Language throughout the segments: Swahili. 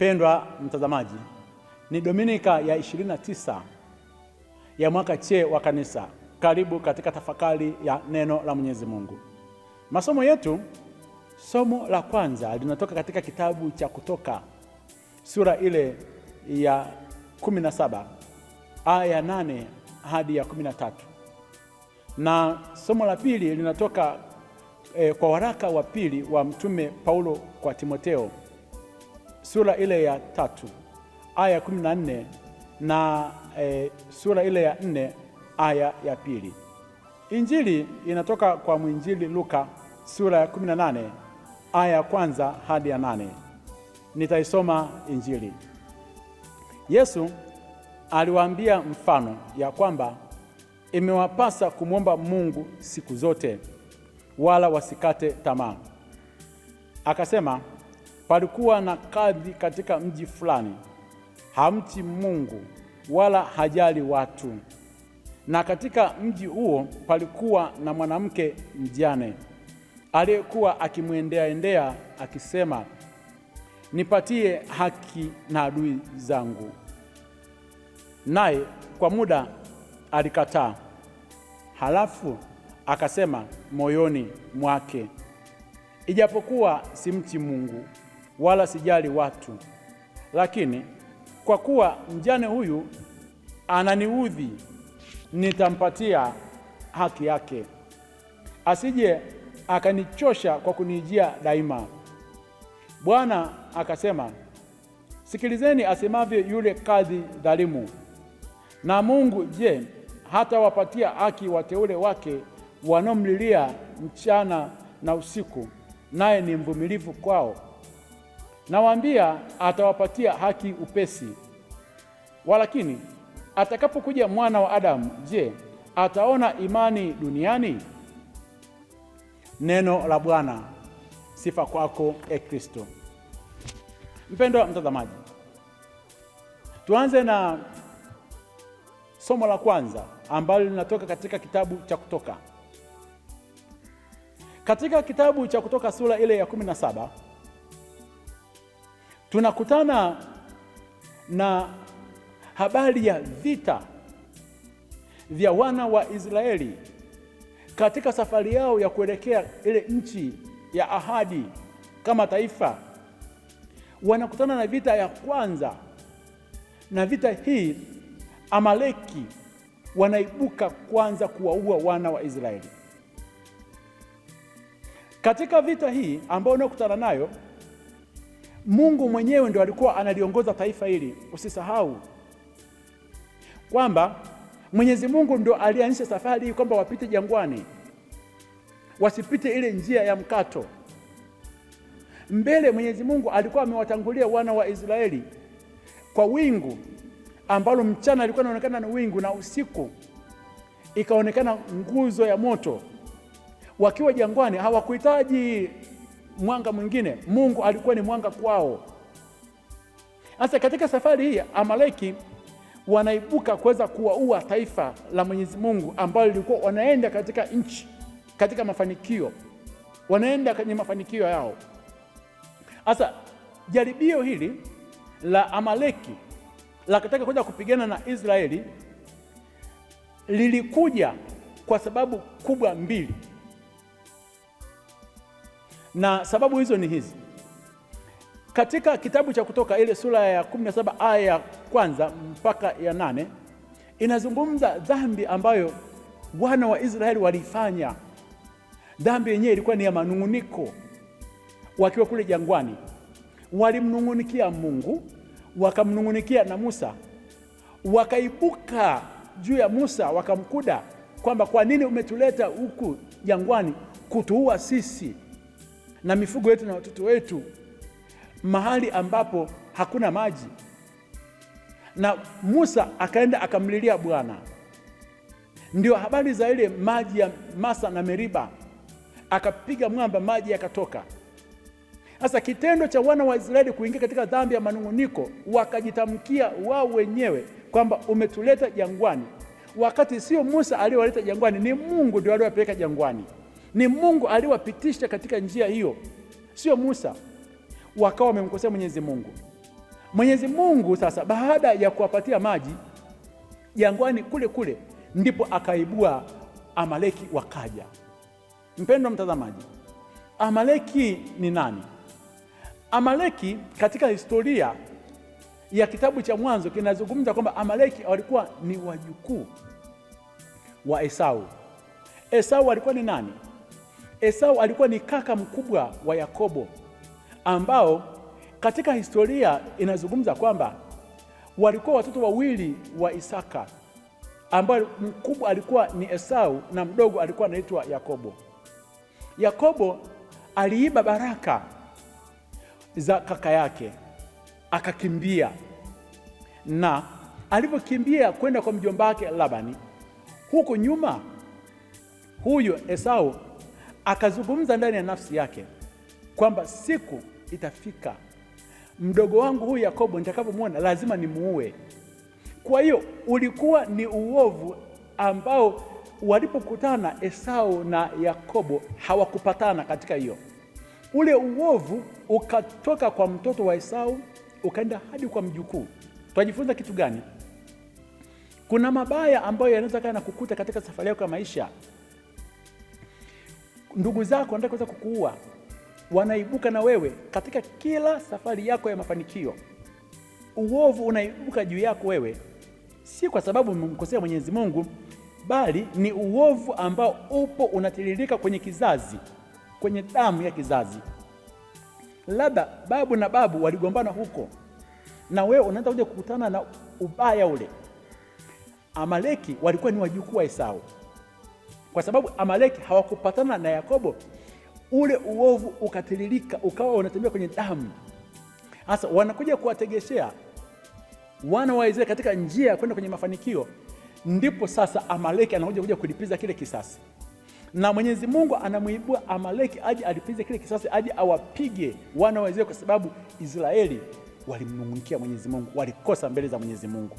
Mpendwa mtazamaji, ni Dominika ya 29 ya mwaka C wa Kanisa. Karibu katika tafakari ya neno la Mwenyezi Mungu. Masomo yetu, somo la kwanza linatoka katika kitabu cha Kutoka sura ile ya 17 aya ya 8 hadi ya 13, na somo la pili linatoka eh, kwa waraka wa pili wa Mtume Paulo kwa Timoteo sura ile ya tatu aya kumi na nne na e, sura ile ya nne aya ya pili. Injili inatoka kwa mwinjili Luka sura ya kumi nane aya ya kwanza hadi ya nane. Nitaisoma Injili. Yesu aliwaambia mfano ya kwamba imewapasa kumwomba Mungu siku zote, wala wasikate tamaa. Akasema, Palikuwa na kadhi katika mji fulani, hamti Mungu wala hajali watu. Na katika mji huo palikuwa na mwanamke mjane aliyekuwa akimwendeaendea akisema, nipatie haki na adui zangu. Naye kwa muda alikataa, halafu akasema moyoni mwake, ijapokuwa simchi Mungu wala sijali watu, lakini kwa kuwa mjane huyu ananiudhi, nitampatia haki yake, asije akanichosha kwa kunijia daima. Bwana akasema, sikilizeni asemavyo yule kadhi dhalimu. Na Mungu je, hatawapatia haki wateule wake wanaomlilia mchana na usiku, naye ni mvumilivu kwao? Nawaambia, atawapatia haki upesi. Walakini atakapokuja mwana wa Adamu, je, ataona imani duniani? Neno la Bwana. Sifa kwako e Kristo. Mpendwa mtazamaji, tuanze na somo la kwanza ambalo linatoka katika kitabu cha Kutoka, katika kitabu cha Kutoka sura ile ya kumi na saba tunakutana na habari ya vita vya wana wa Israeli katika safari yao ya kuelekea ile nchi ya ahadi kama taifa. Wanakutana na vita ya kwanza, na vita hii Amaleki wanaibuka kwanza kuwaua wana wa Israeli. Katika vita hii ambayo unakutana nayo Mungu mwenyewe ndo alikuwa analiongoza taifa hili. Usisahau kwamba Mwenyezi Mungu ndo alianzisha safari hii kwamba wapite jangwani, wasipite ile njia ya mkato. Mbele Mwenyezi Mungu alikuwa amewatangulia wana wa Israeli kwa wingu ambalo mchana alikuwa anaonekana ni wingu na usiku ikaonekana nguzo ya moto. Wakiwa jangwani hawakuhitaji mwanga mwingine. Mungu alikuwa ni mwanga kwao. Sasa katika safari hii Amaleki wanaibuka kuweza kuwaua taifa la Mwenyezi Mungu ambalo lilikuwa wanaenda katika nchi, katika mafanikio, wanaenda kwenye mafanikio yao. Sasa jaribio hili la Amaleki la kutaka kuja kupigana na Israeli lilikuja kwa sababu kubwa mbili na sababu hizo ni hizi. Katika kitabu cha Kutoka ile sura ya 17 aya ya kwanza mpaka ya nane inazungumza dhambi ambayo wana wa Israeli walifanya. Dhambi yenyewe ilikuwa ni ya manung'uniko. Wakiwa kule jangwani, walimnung'unikia Mungu, wakamnung'unikia na Musa, wakaibuka juu ya Musa wakamkuda kwamba kwa nini umetuleta huku jangwani kutuua sisi na mifugo yetu na watoto wetu mahali ambapo hakuna maji. Na Musa akaenda akamlilia Bwana, ndio habari za ile maji ya Masa na Meriba, akapiga mwamba, maji yakatoka. Sasa kitendo cha wana wa Israeli kuingia katika dhambi ya manung'uniko, wakajitamkia wao wenyewe kwamba umetuleta jangwani, wakati sio Musa aliyowaleta jangwani, ni Mungu ndio aliyowapeleka jangwani. Ni Mungu aliwapitisha katika njia hiyo, sio Musa. Wakawa wamemkosea Mwenyezi Mungu. Mwenyezi Mungu sasa, baada ya kuwapatia maji jangwani kule kule, ndipo akaibua Amaleki wakaja. Mpendwa mtazamaji, Amaleki ni nani? Amaleki katika historia ya kitabu cha Mwanzo kinazungumza kwamba Amaleki walikuwa ni wajukuu wa Esau. Esau alikuwa ni nani? Esau alikuwa ni kaka mkubwa wa Yakobo, ambao katika historia inazungumza kwamba walikuwa watoto wawili wa Isaka, ambao mkubwa alikuwa ni Esau na mdogo alikuwa anaitwa Yakobo. Yakobo aliiba baraka za kaka yake akakimbia, na alipokimbia kwenda kwa mjomba wake Labani, huko nyuma huyo Esau akazungumza ndani ya nafsi yake kwamba siku itafika mdogo wangu huyu Yakobo nitakapomwona lazima nimuue. Kwa hiyo ulikuwa ni uovu ambao walipokutana Esau na Yakobo hawakupatana katika hiyo. Ule uovu ukatoka kwa mtoto wa Esau ukaenda hadi kwa mjukuu. Tunajifunza kitu gani? Kuna mabaya ambayo yanaweza kana kukuta katika safari yako ya maisha ndugu zako wanataka kuweza kukuua, wanaibuka na wewe katika kila safari yako ya mafanikio. Uovu unaibuka juu yako wewe, si kwa sababu umemkosea Mwenyezi Mungu, bali ni uovu ambao upo unatiririka kwenye kizazi, kwenye damu ya kizazi. Labda babu na babu waligombana huko, na wewe unaanza kuja kukutana na ubaya ule. Amaleki walikuwa ni wajukuu wa Esau kwa sababu Amaleki hawakupatana na Yakobo, ule uovu ukatiririka ukawa unatembea kwenye damu. Sasa wanakuja kuwategeshea wana wa Israeli katika njia ya kwenda kwenye mafanikio, ndipo sasa Amaleki anakuja kuja kulipiza kile kisasi, na Mwenyezi Mungu anamwibua Amaleki aje alipize kile kisasi, aje awapige wana wa Israeli, kwa sababu Israeli walimnung'unikia Mwenyezi Mungu, walikosa mbele za Mwenyezi Mungu.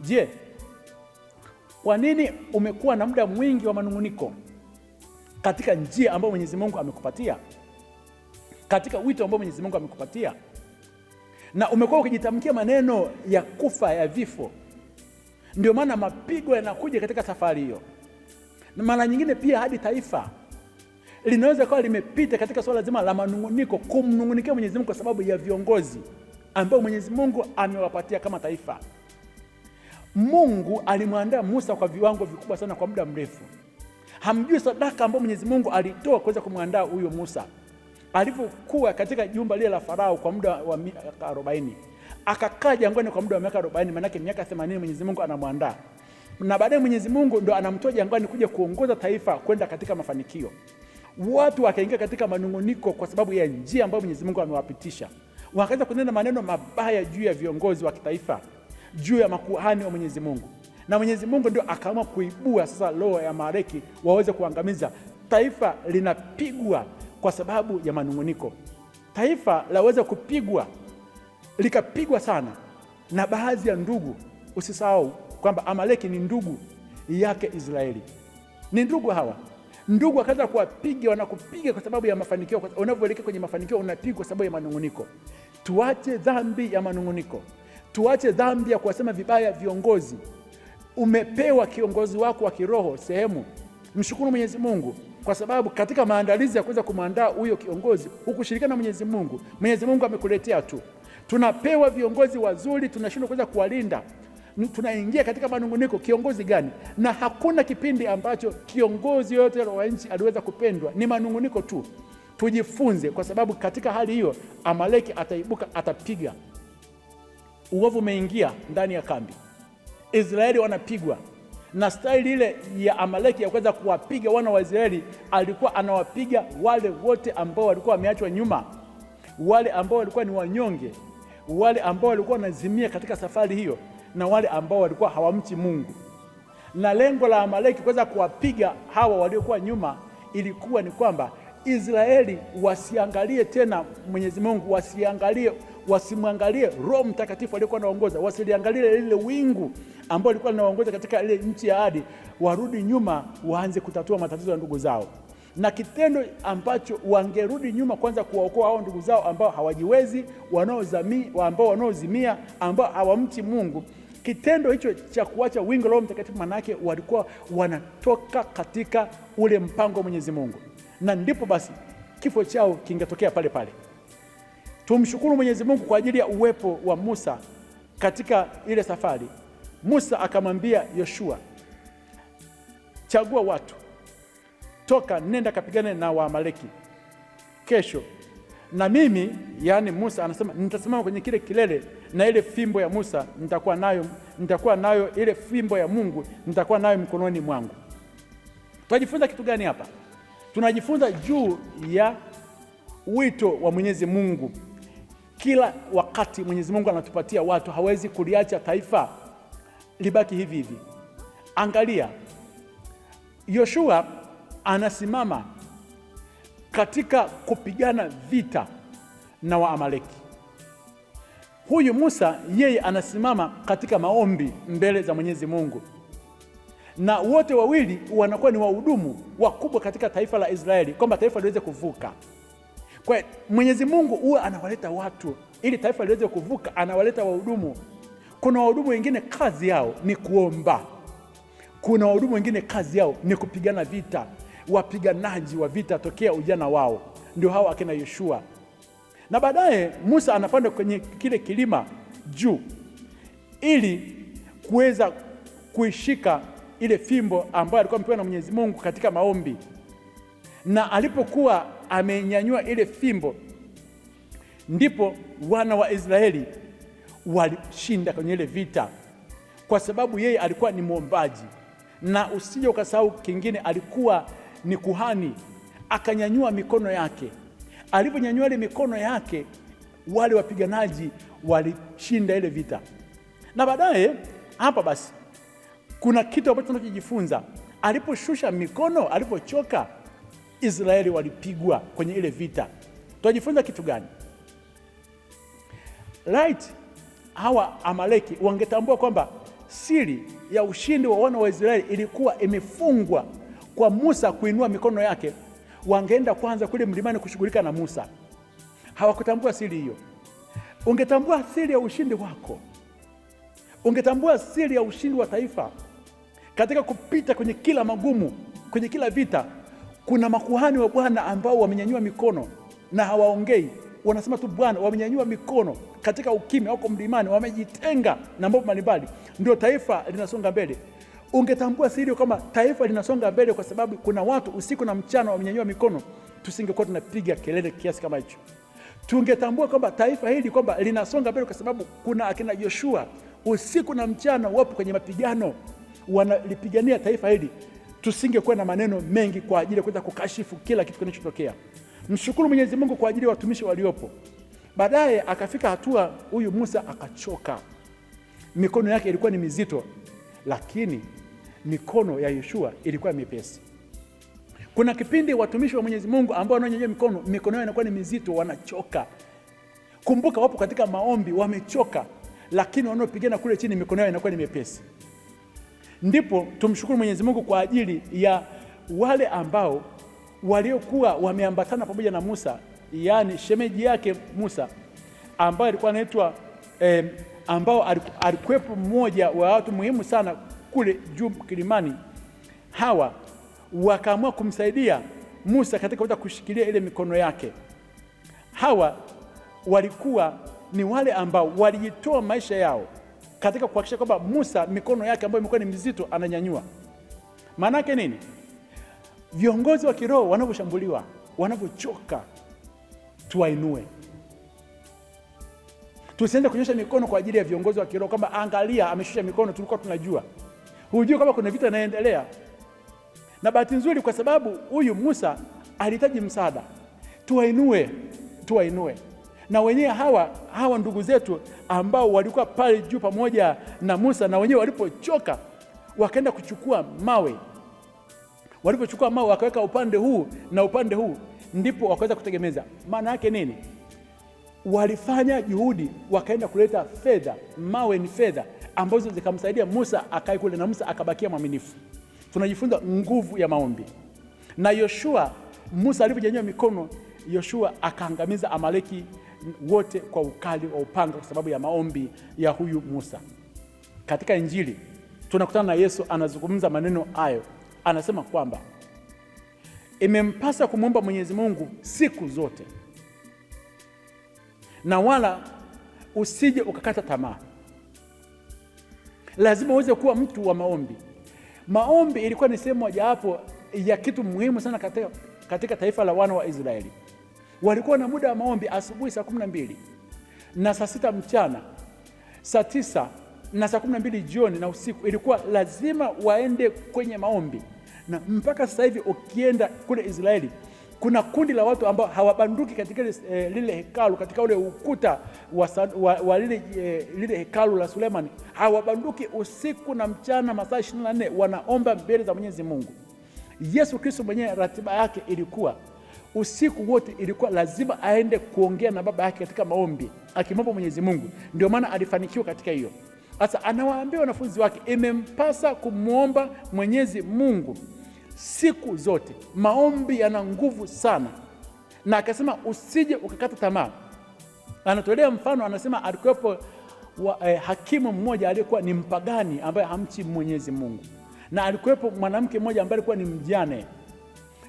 Je, kwa nini umekuwa na muda mwingi wa manunguniko katika njia ambayo Mwenyezi Mungu amekupatia, katika wito ambao Mwenyezi Mungu amekupatia, na umekuwa ukijitamkia maneno ya kufa ya vifo? Ndio maana mapigo yanakuja katika safari hiyo, na mara nyingine pia hadi taifa linaweza kuwa limepita katika suala zima la manunguniko, kumnungunikia Mwenyezi Mungu kwa sababu ya viongozi ambao Mwenyezi Mungu amewapatia kama taifa. Mungu alimwandaa Musa kwa viwango vikubwa sana kwa muda mrefu. Hamjui sadaka ambayo Mwenyezi Mungu alitoa kuweza kumwandaa huyo Musa alivyokuwa katika jumba lile la Farao kwa muda wa miaka arobaini akakaa jangwani kwa muda wa miaka arobaini maanake miaka themanini Mwenyezi Mungu anamwandaa na baadaye Mwenyezi Mungu ndo anamtoa jangwani kuja kuongoza taifa kwenda katika mafanikio. Watu wakaingia katika manunguniko kwa sababu ya njia ambayo Mwenyezi Mungu amewapitisha, wakaanza kunena maneno mabaya juu ya viongozi wa kitaifa juu ya makuhani wa Mwenyezi Mungu, na Mwenyezi Mungu ndio akaamua kuibua sasa roho ya mareki waweze kuangamiza taifa. Linapigwa kwa sababu ya manung'uniko, taifa laweza kupigwa likapigwa sana na baadhi ya ndugu. Usisahau kwamba Amaleki ni ndugu yake Israeli, ni ndugu hawa ndugu akaanza kuwapiga, wanakupiga kwa sababu ya mafanikio. Unavyoelekea kwenye mafanikio, unapigwa kwa sababu ya manung'uniko. Tuache dhambi ya manung'uniko. Tuache dhambi ya kuwasema vibaya viongozi. Umepewa kiongozi wako wa kiroho sehemu, mshukuru Mwenyezi Mungu kwa sababu katika maandalizi ya kuweza kumwandaa huyo kiongozi hukushirikiana na Mwenyezi Mungu. Mwenyezi Mungu amekuletea tu. Tunapewa viongozi wazuri, tunashindwa kuweza kuwalinda, tunaingia katika manunguniko, kiongozi gani? Na hakuna kipindi ambacho kiongozi yoyote wa nchi aliweza kupendwa, ni manunguniko tu. Tujifunze, kwa sababu katika hali hiyo Amaleki ataibuka, atapiga uovu umeingia ndani ya kambi. Israeli wanapigwa na staili ile ya Amaleki ya kuweza kuwapiga wana wa Israeli, alikuwa anawapiga wale wote ambao walikuwa wameachwa nyuma, wale ambao walikuwa ni wanyonge, wale ambao walikuwa wanazimia katika safari hiyo, na wale ambao walikuwa hawamchi Mungu. Na lengo la Amaleki kuweza kuwapiga hawa waliokuwa nyuma ilikuwa ni kwamba Israeli wasiangalie tena Mwenyezi Mungu, wasiangalie wasimwangalie Roho Mtakatifu aliyokuwa anaongoza, wasiliangalie lile wingu ambao alikuwa linaongoza katika ile nchi ya ahadi, warudi nyuma, waanze kutatua matatizo ya ndugu zao, na kitendo ambacho wangerudi nyuma kwanza kuwaokoa hao ndugu zao ambao hawajiwezi, wanaozamia, ambao wanaozimia, ambao hawamchi Mungu kitendo hicho cha kuacha wingo lao Mtakatifu, manake walikuwa wanatoka katika ule mpango wa Mwenyezi Mungu, na ndipo basi kifo chao kingetokea pale pale. Tumshukuru Mwenyezi Mungu kwa ajili ya uwepo wa Musa katika ile safari. Musa akamwambia Yoshua, chagua watu, toka nenda kapigane na Waamaleki kesho, na mimi yaani Musa anasema nitasimama kwenye kile kilele na ile fimbo ya Musa nitakuwa nayo, nitakuwa nayo ile fimbo ya Mungu nitakuwa nayo mkononi mwangu. Tunajifunza kitu gani hapa? Tunajifunza juu ya wito wa Mwenyezi Mungu kila wakati Mwenyezi Mungu anatupatia watu, hawezi kuliacha taifa libaki hivi hivi. Angalia Yoshua anasimama katika kupigana vita na Waamaleki. Huyu Musa yeye anasimama katika maombi mbele za Mwenyezi Mungu, na wote wawili wanakuwa ni wahudumu wakubwa katika taifa la Israeli, kwamba taifa liweze kuvuka. Kwa Mwenyezi Mungu huwa anawaleta watu ili taifa liweze kuvuka, anawaleta wahudumu. Kuna wahudumu wengine kazi yao ni kuomba, kuna wahudumu wengine kazi yao ni kupigana vita, wapiganaji wa vita tokea ujana wao, ndio hao akina Yoshua. Na baadaye Musa anapanda kwenye kile kilima juu ili kuweza kuishika ile fimbo ambayo alikuwa amepewa na Mwenyezi Mungu katika maombi, na alipokuwa amenyanyua ile fimbo, ndipo wana wa Israeli walishinda kwenye ile vita, kwa sababu yeye alikuwa ni mwombaji, na usije ukasahau kingine, alikuwa ni kuhani. Akanyanyua mikono yake, alivyonyanyua ile mikono yake, wale wapiganaji walishinda ile vita. Na baadaye hapa basi kuna kitu ambacho tunachojifunza, aliposhusha mikono, alipochoka Israeli walipigwa kwenye ile vita. Tunajifunza kitu gani? Right, hawa Amaleki wangetambua kwamba siri ya ushindi wa wana wa Israeli ilikuwa imefungwa kwa Musa kuinua mikono yake, wangeenda kwanza kule mlimani kushughulika na Musa. Hawakutambua siri hiyo. Ungetambua siri ya ushindi wako, ungetambua siri ya ushindi wa taifa katika kupita kwenye kila magumu, kwenye kila vita kuna makuhani wa Bwana ambao wamenyanyua mikono na hawaongei, wanasema tu Bwana. Wamenyanyua mikono katika ukimya, wako mlimani, wamejitenga na mambo mbalimbali, ndio taifa linasonga mbele. Ungetambua siri kwamba taifa linasonga mbele kwa sababu kuna watu usiku na mchana wamenyanyua mikono, tusingekuwa tunapiga kelele kiasi kama hicho. Tungetambua kwamba taifa hili kwamba linasonga mbele kwa sababu kuna akina Joshua usiku na mchana wapo kwenye mapigano, wanalipigania taifa hili tusingekuwa na maneno mengi kwa ajili ya kuweza kukashifu kila kitu kinachotokea. Mshukuru Mwenyezi Mungu kwa ajili ya watumishi waliopo. Baadaye akafika hatua huyu Musa akachoka, mikono yake ilikuwa ni mizito, lakini mikono ya yeshua ilikuwa mipesi. Kuna kipindi watumishi wa Mwenyezi Mungu ambao wanaonyanyua mikono, mikono yao inakuwa ni mizito, wanachoka. Kumbuka wapo katika maombi, wamechoka, lakini wanaopigana kule chini mikono yao inakuwa ni mepesi. Ndipo tumshukuru Mwenyezi Mungu kwa ajili ya wale ambao waliokuwa wameambatana pamoja na Musa, yaani shemeji yake Musa ambaye alikuwa anaitwa eh, ambao alikuwepo mmoja wa watu muhimu sana kule juu kilimani. Hawa wakaamua kumsaidia Musa katika kuweza kushikilia ile mikono yake. Hawa walikuwa ni wale ambao walijitoa maisha yao katika kuhakikisha kwamba Musa mikono yake ambayo imekuwa ni mizito ananyanyua. maana yake nini? Viongozi wa kiroho wanavyoshambuliwa, wanavyochoka, tuwainue. Tusiende kunyosha mikono kwa ajili ya viongozi wa kiroho kwamba angalia, ameshusha mikono. Tulikuwa tunajua, hujui kwamba kuna vita inaendelea. Na bahati nzuri, kwa sababu huyu Musa alihitaji msaada, tuwainue, tuwainue na wenyewe hawa, hawa ndugu zetu ambao walikuwa pale juu pamoja na Musa, na wenyewe walipochoka wakaenda kuchukua mawe. Walipochukua mawe wakaweka upande huu na upande huu, ndipo wakaweza kutegemeza. Maana yake nini? Walifanya juhudi, wakaenda kuleta fedha. Mawe ni fedha ambazo zikamsaidia Musa akae kule, na Musa akabakia mwaminifu. Tunajifunza nguvu ya maombi. Na Yoshua, Musa alivyonyanyua mikono, Yoshua akaangamiza Amaleki wote kwa ukali wa upanga kwa sababu ya maombi ya huyu Musa. Katika Injili tunakutana na Yesu anazungumza maneno hayo, anasema kwamba imempasa kumwomba Mwenyezi Mungu siku zote na wala usije ukakata tamaa. Lazima uweze kuwa mtu wa maombi. Maombi ilikuwa ni sehemu mojawapo ya kitu muhimu sana katika, katika taifa la wana wa Israeli walikuwa na muda wa maombi asubuhi saa kumi na mbili na saa sita mchana, saa tisa na saa kumi na mbili jioni na usiku. Ilikuwa lazima waende kwenye maombi, na mpaka sasa hivi ukienda kule Israeli kuna kundi la watu ambao hawabanduki katika eh, lile hekalu katika ule ukuta wa, wa, wa lile, eh, lile hekalu la Sulemani, hawabanduki usiku na mchana, masaa nne wanaomba mbele za Mwenyezi Mungu. Yesu Kristo mwenyewe ratiba yake ilikuwa usiku wote ilikuwa lazima aende kuongea na baba yake katika maombi, akimwomba Mwenyezi Mungu. Ndio maana alifanikiwa katika hiyo. Sasa anawaambia wanafunzi wake, imempasa kumwomba Mwenyezi Mungu siku zote. Maombi yana nguvu sana, na akasema usije ukakata tamaa. Anatolea mfano, anasema alikuwepo eh, hakimu mmoja aliyekuwa ni mpagani ambaye hamchi Mwenyezi Mungu, na alikuwepo mwanamke mmoja ambaye alikuwa ni mjane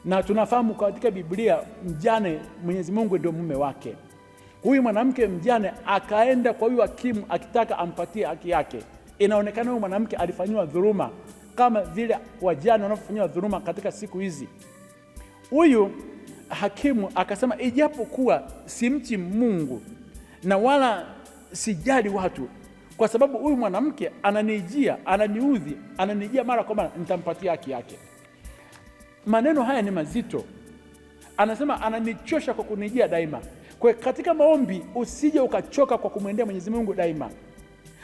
na tunafahamu katika Biblia mjane Mwenyezi Mungu ndio mume wake. Huyu mwanamke mjane akaenda kwa huyu hakimu akitaka ampatie haki yake. Inaonekana huyu mwanamke alifanyiwa dhuluma kama vile wajane wanavyofanyiwa dhuluma katika siku hizi. Huyu hakimu akasema, ijapokuwa simchi Mungu na wala sijali watu, kwa sababu huyu mwanamke ananijia, ananiudhi, ananijia mara kwa mara, nitampatia haki yake. Maneno haya ni mazito, anasema ananichosha kwa kunijia daima. Kwa katika maombi usije ukachoka kwa kumwendea Mwenyezi Mungu daima.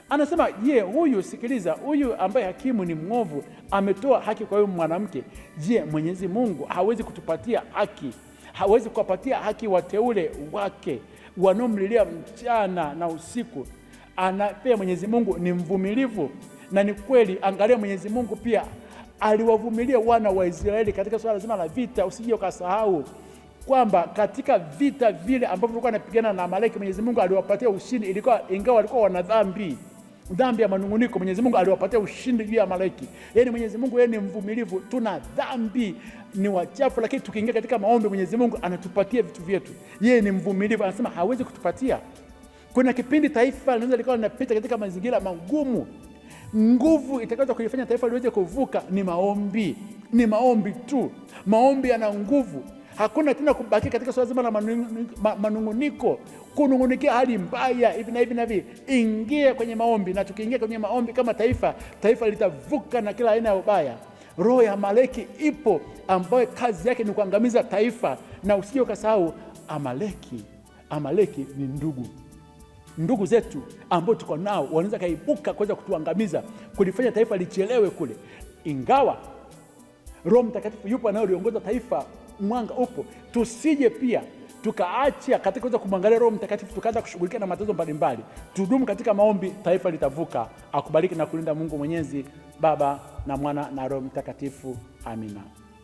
Anasema je, huyu sikiliza, huyu ambaye hakimu ni mwovu, ametoa haki kwa huyu mwanamke. Je, Mwenyezi Mungu hawezi kutupatia haki? Hawezi kuwapatia haki wateule wake wanaomlilia mchana na usiku? anapea Mwenyezi Mungu ni mvumilivu na ni kweli. Angalia Mwenyezi Mungu pia aliwavumilia wana wa Israeli katika swala zima la vita. Usije ukasahau kwamba katika vita vile ambavyo walikuwa wanapigana na Amaleki, Mwenyezi Mungu aliwapatia ushindi, ilikuwa ingawa walikuwa wana dhambi dhambi ya manunguniko, Mwenyezi Mungu aliwapatia ushindi juu ya Amaleki. Yaani Mwenyezi Mungu yeye ni mvumilivu. Tuna dhambi, ni wachafu, lakini tukiingia katika maombi, Mwenyezi Mungu anatupatia vitu vyetu. Yeye ni mvumilivu, anasema hawezi kutupatia. Kuna kipindi taifa linaweza likawa linapita katika mazingira magumu Nguvu itakayoweza kuifanya taifa liweze kuvuka ni maombi, ni maombi tu. Maombi yana nguvu. Hakuna tena kubaki katika suala zima la manunguniko, kunungunikia hali mbaya hivi na hivi na hivi. Ingie kwenye maombi, na tukiingia kwenye maombi kama taifa, taifa litavuka na kila aina ya ubaya. Roho ya Amaleki ipo ambayo kazi yake ni kuangamiza taifa, na usije ukasahau Amaleki. Amaleki ni ndugu ndugu zetu ambao tuko nao wanaweza kaibuka kuweza kutuangamiza, kulifanya taifa lichelewe kule, ingawa Roho Mtakatifu yupo anayoliongoza taifa, mwanga upo, tusije pia tukaacha katika kuweza kumwangalia Roho Mtakatifu, tukaanza kushughulika na matatizo mbalimbali. Tudumu katika maombi, taifa litavuka. Akubariki na kulinda Mungu Mwenyezi, Baba na Mwana na Roho Mtakatifu. Amina.